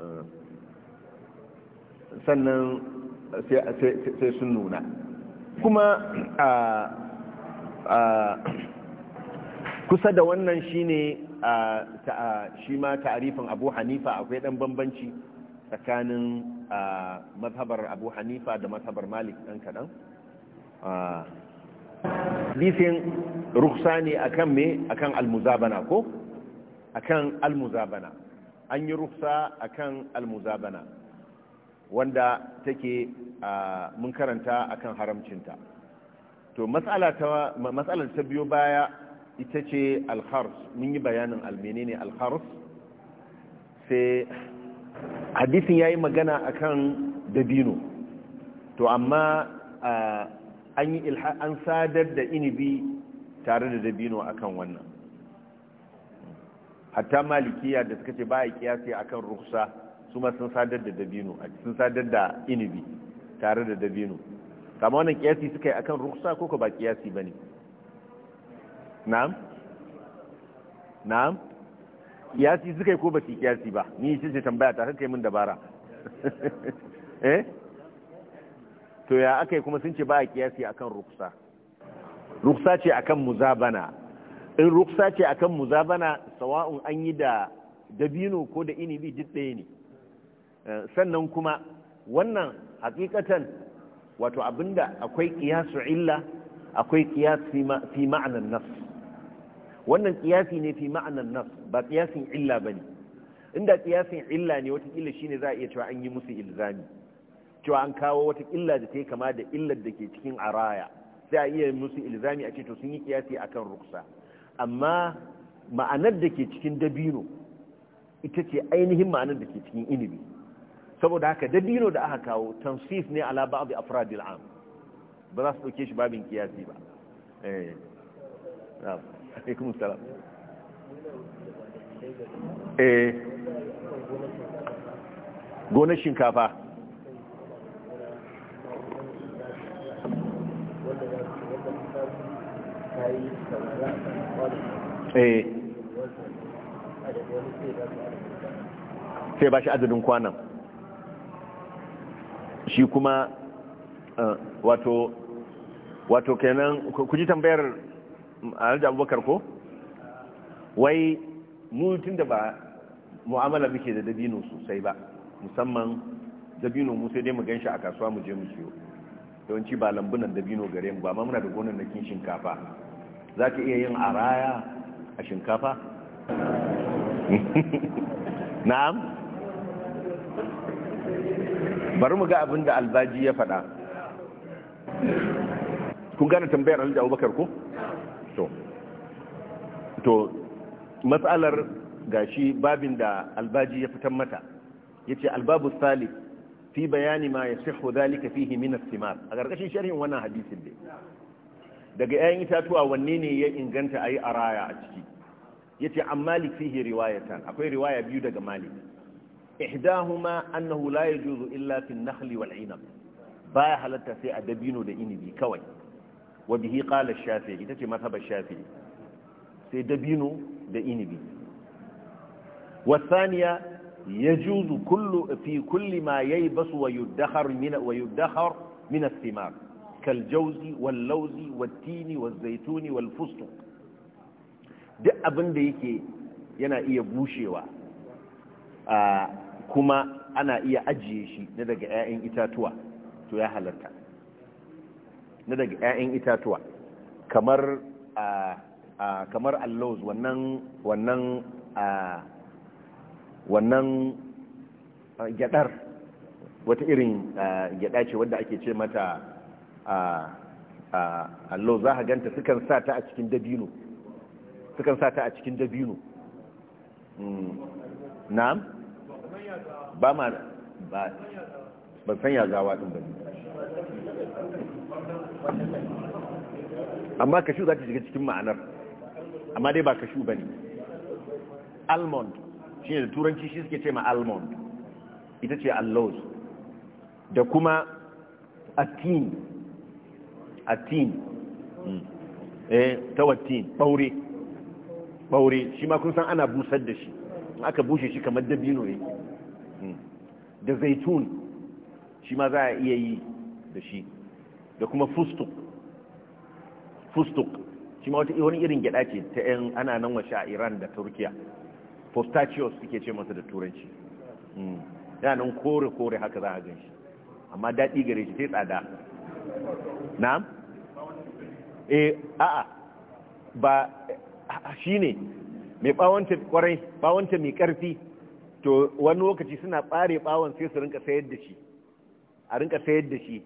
eh. sannan sai sun nuna kuma kusa da wannan shine shi ma ta'arifin abu hanifa akwai dan bambanci tsakanin mazhabar abu hanifa da mazhabar malik dan kadan hadisin ruksa ne akan me kan almuzabana ko kan almuzabana an yi ruksa akan almuzabana wanda take mun karanta akan haramcinta to matsala ta matsalar ta biyo baya ita ce Alkharus mun yi bayanin almenene Alkharus sai hadisin ya yi magana akan dabino to amma an yi sadar da inibi tare da dabino akan wannan hatta malikiya da suka ce ba a kiyasi akan ruksa su ma sun sadar da dabino sun sadar da inibi tare da dabino kama wannan kiyasi suka yi akan ruksa ko ba kiyasi ba ne na'am na'am kiyasi suka yi ko ba su kiyasi ba ni shi ce tambaya ta kai min dabara eh to ya aka yi kuma sun ce ba a kiyasi akan ruksa ruksa ce akan muzabana in ruksa ce akan muzabana sawa'un an yi da dabino ko da inibi duk ɗaya ne Eh, sannan kuma wannan hakikatan wato abinda akwai kiyasu illa akwai kiyas fi ma'anan nas wannan kiyasi ne fi ma'anan nas ba kiyasin illa ba ne inda kiyasin illa ne watakila shi ne za a iya cewa an yi musu ilzami cewa an kawo wata illa da ta yi kama da illar da ke cikin araya sai a iya musu ilzami a ce to sun yi kiyasi a kan ruksa amma ma'anar da ke cikin dabino ita ce ainihin ma'anar da ke cikin inibi saboda haka dabino da aka kawo tansif ne ala abu afradil am ba za su ɗauke shi babin kiyasi ba eh, eh. gonar shinkafa eh sai ba shi adadin kwanan shi kuma eh, wato wato kenan ku ji tambayar alhaji abubakar ko wai mu tun da ba mu'amala muke da dabino sosai ba musamman dabino mu sai dai mu ganshi a kasuwa mu je mu siyo yawanci ba lambunan dabino gare mu ba ma muna da gonan na kin shinkafa za ka iya yin araya a shinkafa na'am bari mu ga abin da albaji ya faɗa kun gane tambayar alhaji abubakar ku, to to matsalar gashi babin da albaji ya fitan mata yace albabu salif fi bayani ma yasihu dhalika fihi min as-simar a gargashin sharhin wannan hadisin ne daga 'ya'yan itatuwa wanne ne ya inganta ayi araya a ciki yace an malik fihi riwayatan akwai riwaya biyu daga malik ihdahuma annahu la yajuzu illa fi an-nakhl wal-'inab baya halatta sai a dabino da inibi kawai wa bihi qala ash-shafi'i itace mazhab sai dabino da inibi wa thaniya yajuzu kullu fi kulli ma yaybasu wa yudakhar min wa yudakhar min ath-thimar kal wal fustu wat-tini waz abinda yake yana iya bushewa kuma ana iya ajiye shi na daga 'ya'yan itatuwa to ya halarta na daga 'ya'yan itatuwa kamar a kamar allos wannan wannan a wannan gyadar wata irin gyada ce wadda ake ce mata allos za a ganta sukan sa ta a cikin dabino sukan sa ta a cikin dabino hmm. na'am ba ma ba ban san ya gawa din ba amma kashu za ta shiga cikin ma'anar amma dai ba kashu ba ne almond shi ne da turanci shi suke ce ma almond ita ce allos da kuma atin atin hmm. eh tawatin ɓaure ɓaure shi ma kun san ana busar da shi aka bushe shi kamar dabino yake da zaitun shi ma za a iya yi da shi da kuma fustuk fustuk shi ma wata wani irin gyada ce ta yan ana nan washe a iran da turkiya postachios suke ce masa da turanci yana hmm. nan kore-kore haka za a gan shi amma daɗi gare shi sai tsada na'am eh a'a ba shi ne mai bawanta kwarai bawanta mai ƙarfi to wani lokaci suna ɓare bawon sai su rinka sayar da shi a rinka sayar da shi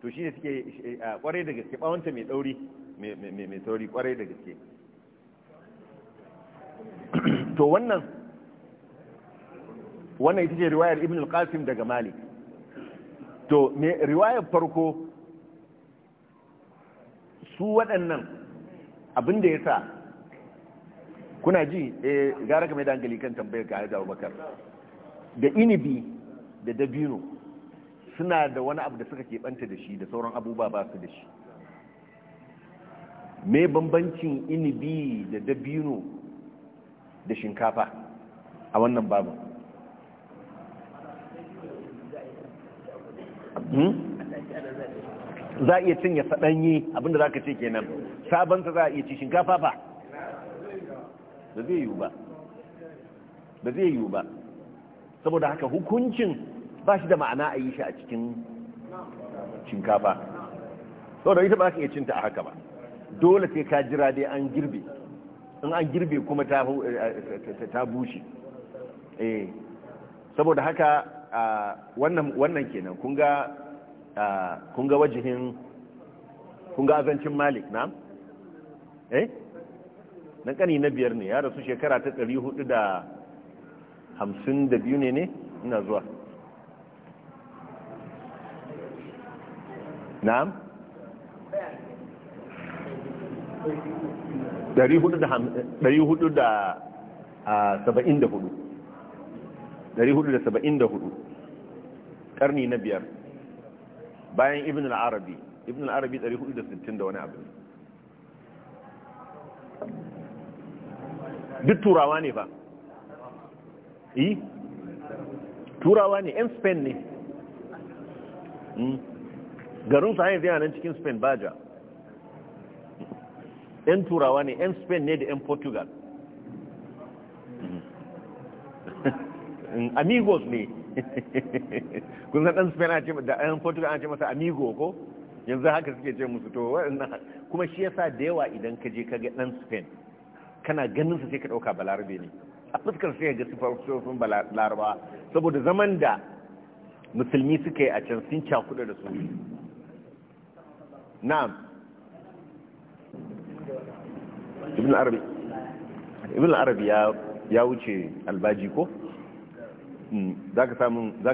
to shi ne suke kware da gaske bawonta mai dauri mai sauri kwarai da gaske to wannan wannan ita ce riwayar ibn al-qasim daga malik to me riwayar farko su waɗannan abin da ya sa kuna ji eh gara game da hankali kan tambayar ka Haji Abubakar da inibi da dabino suna da wani abu da suka keɓanta da shi da sauran abubuwa ba su da shi me bambancin inibi da dabino da shinkafa a wannan babu hmm? za a iya cinye saɗanye abinda za ka ce kenan sabonsa za a iya ci shinkafa ba ba zai yiwu ba ba zai yiwu ba saboda haka hukuncin ba shi da ma'ana a yi shi a cikin shinkafa saboda ita ba ka iya cinta a haka ba dole sai ka jira dai an girbe in an girbe kuma ta eh, eh, bushe eh saboda haka ah, wannan kenan ah, kun ga wajihin kun ga azancin malik na eh na ƙani na biyar ne ya rasu shekara ta ɗari hudu da hamsin da biyu ne ne ina zuwa na'am ɗari hudu da saba'in da hudu ɗari hudu da saba'in da hudu ƙarni na biyar bayan ibn al-arabi ibn al-arabi sittin da wani abu duk turawa ne ba yi e? turawa ne 'yan spain ne hmm. garin su yanzu nan cikin spain baja 'yan turawa ne 'yan spain ne da 'yan portugal hmm. amigos ne kun san dan spain da 'yan portugal an ce masa amigo ko yanzu haka suke ce musu to kuma shi yasa da yawa idan ka je ka ga dan spain kana ganin sa sai ka dauka balarabe ne a fuskar sai ga sifofin balarabawa saboda zaman da musulmi suka yi a can sun cakuɗa da su na'am ibn arabi ya wuce albaji ko hmm, za ka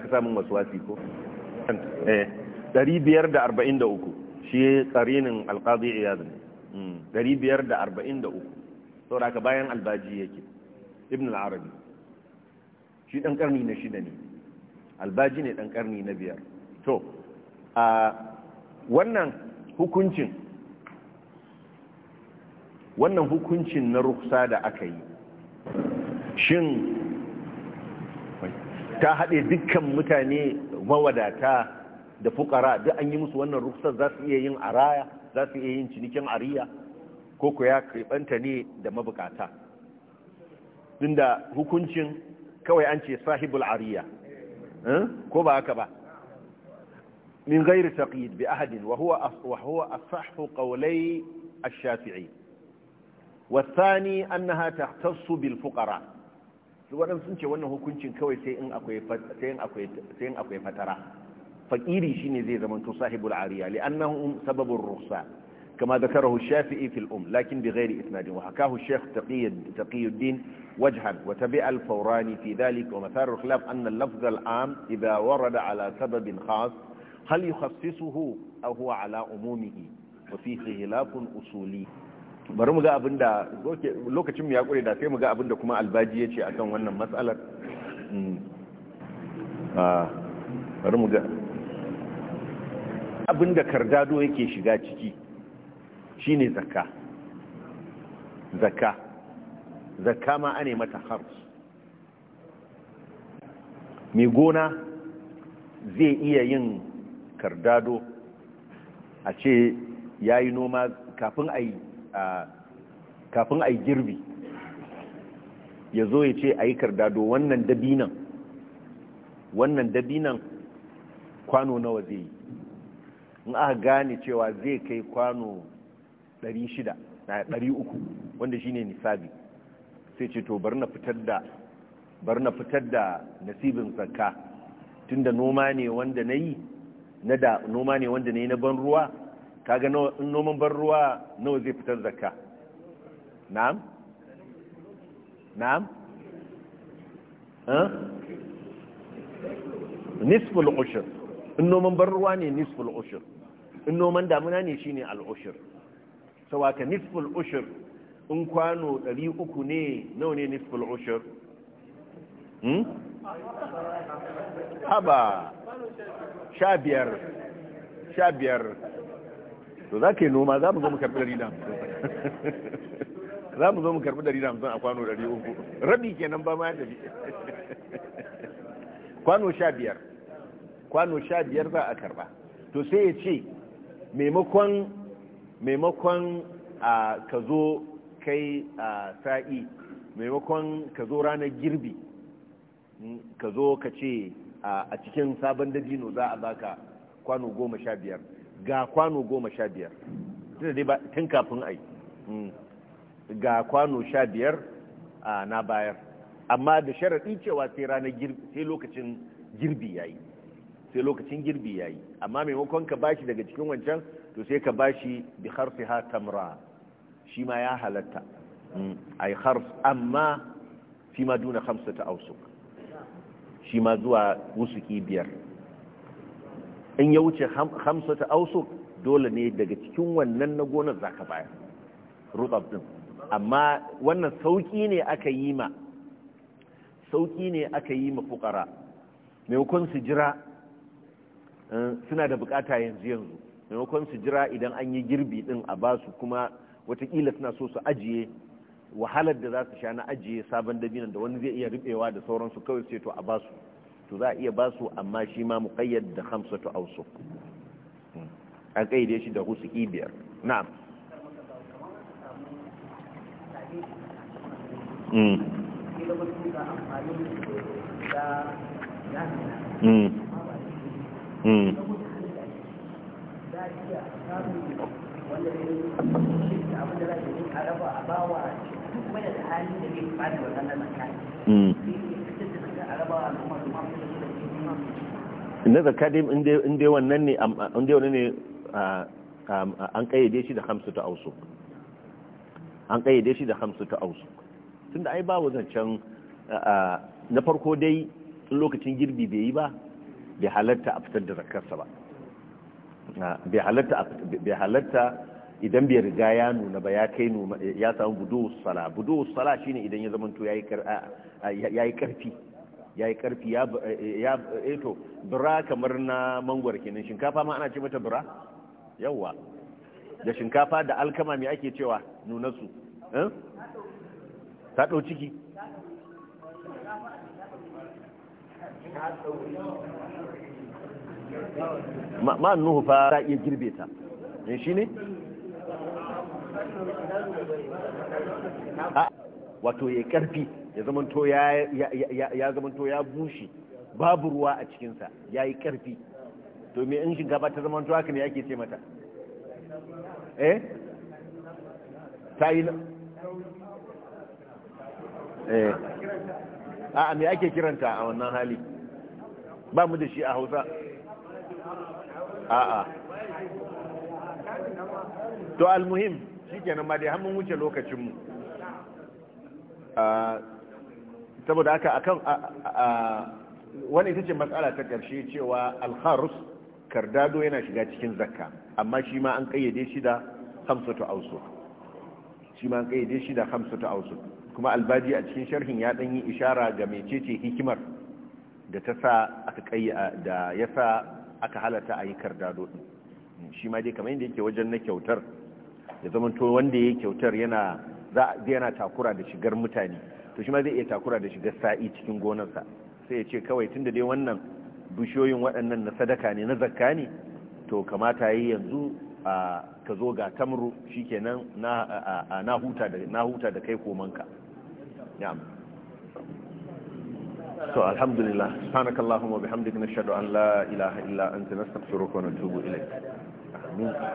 samun wasu wasi ko eh, da 543 shi tsarinin alkazi iyaz ne 543 hmm, saboda ka bayan albaji yake ibn al-arabi shi dan karni na shida ne albaji ne dan karni na biyar to a wannan hukuncin wannan hukuncin na ruksa da aka yi shin ta haɗe dukkan mutane mawadata da fukara duk an yi musu wannan ruksar za su iya yin araya za su iya yin cinikin ariya koko ya kribanta ne da mabukata tunda hukuncin kawai an ce sahibul ariya ko ba haka ba min gairi taqid bi ahadin wa huwa wa huwa asahhu qawlai ash-shafi'i wa thani annaha tahtassu bil fuqara بالفقراء waɗansu sun ce wannan hukuncin kawai sai in akwai sai sai in in akwai akwai fatara fakiri shine zai zama to sahibul ariya li'annahum sababur rukhsah كما ذكره الشافعي في الأم لكن بغير إسناد وحكاه الشيخ تقي, تقي الدين وجها وتبع الفوراني في ذلك ومثار الخلاف أن اللفظ العام إذا ورد على سبب خاص هل يخصصه أو هو على عمومه وفيه خلاف أصولي bari mu ga abin da lokacin mu ya kure da sai mu ga abin da kuma albaji ya ce a kan wannan matsalar bari mu ga abin da kardado yake shiga ciki Shi ne zakka zakka zakka ma ane mata harus mai gona zai iya yin kardado a ce ya yi noma kafin a yi girbi ya zo ya ce a yi kardado wannan dabinan wannan dabinan kwano nawa zai yi in aka gane cewa zai kai kwano 600 na 300 wanda shine nisabi sai ce to bar na fitar da da nasibin zakka tunda noma ne wanda yi na da noma ne wanda yi na ban ruwa kaga noman ban ruwa nawa zai fitar zakka na'am na'am nisful ushir in noman ban ruwa ne nisful ushir in noman damuna ne shine al ushur ka nisful ushur in kwano 300 ne nawa ne nisful ushur hmm haba sha biyar sha biyar to za ka yi noma za mu zo mu karbi ɗari da za mu zo mu karbi ɗari da hamsin a kwano ɗari uku rabi kenan ba ma ya tafi kwano sha biyar kwano sha biyar za a karba to sai ya ce maimakon maimakon ka zo kai sa'i maimakon ka zo ranar girbi hmm, ka zo ka ce a cikin sabon dajino za a baka kwano goma sha biyar ga kwano goma sha biyar tun kafin ai hmm. ga kwano sha biyar na bayar amma da sharaɗi cewa sai ranar sai lokacin girbi yayi sai lokacin girbi yayi amma maimakon ka bashi daga cikin wancan to sai ka bashi bi ha tamra shi ma ya halatta mm. ai harf amma fi ma duna ta ausuk shi ma zuwa wusuki biyar in ya wuce ta ausuk dole ne daga cikin wannan na gonar ka baya rutab din amma wannan sauƙi ne aka yi ma sauki ne aka yi ma fukara maimakon su jira eh, suna da bukata yanzu yanzu maimakon su jira idan an yi girbi din a ba su kuma watakila suna so su ajiye wahalar da za su sha na ajiye sabon dabinan da wani zai iya ribewa da sauransu kawai sai to a ba su to za a iya ba su amma shi ma mu kayyar da khamsatu awsu hmm. an kaide shi da husu ibiyar na'am mm Mm. na zarka dai inda wannan ne an kayyade shi da hamsu ta ausu an kayyade shi da hamsu ta ausu tun da ai ba wazancen na farko dai lokacin girbi bai yi ba bai halatta a fitar da zarkarsa ba bai halatta idan bai riga ya nuna ba ya kai nuna ya samu budu sala budu sala shine idan ya zamanto yayi yayi karfi yayi karfi ya ya eto eh bura kamar na mangwar kenan shinkafa ma ana ce mata bura yawa da shinkafa da alkama me ake cewa nuna su eh? ta dau ciki ma nuhu fa ta iya girbe ta eh, shi ne wato ya karfi ya zamanto ya ya zamanto ya bushe babu ruwa a cikinsa ya yi karfi to me in shinkafa ta zamanto haka ne ake ce mata eh ta yi eh a me ake kiranta a wannan hali ba mu da shi a hausa a'a to almuhim shi kenan ma dai hannun wuce lokacinmu saboda haka akan wani ita ce matsala ta ƙarshe cewa alharus kardado yana shiga cikin zakka amma shi ma an kayyade shi da hamsatu ausu shi ma an kayyade shi da hamsatu ausu kuma albaji a cikin sharhin ya ɗanyi ishara ga mecece hikimar da ta sa aka kayyade da ya sa aka halata a yi kardado ɗin shi ma dai kamar yadda yake wajen na kyautar ya zama to wanda ya kyautar yana yana takura da shigar mutane to shi ma zai iya takura da shigar sa'i cikin gonarsa sai ya ce kawai tunda dai wannan bishiyoyin waɗannan na sadaka ne na zakka ne to kamata yi yanzu ka zo ga tamru shikenan na na huta da na huta da kai komanka na'am to alhamdulillah subhanakallahumma bihamdika nashhadu an la ilaha illa anta nastaghfiruka wa natubu ilayk amin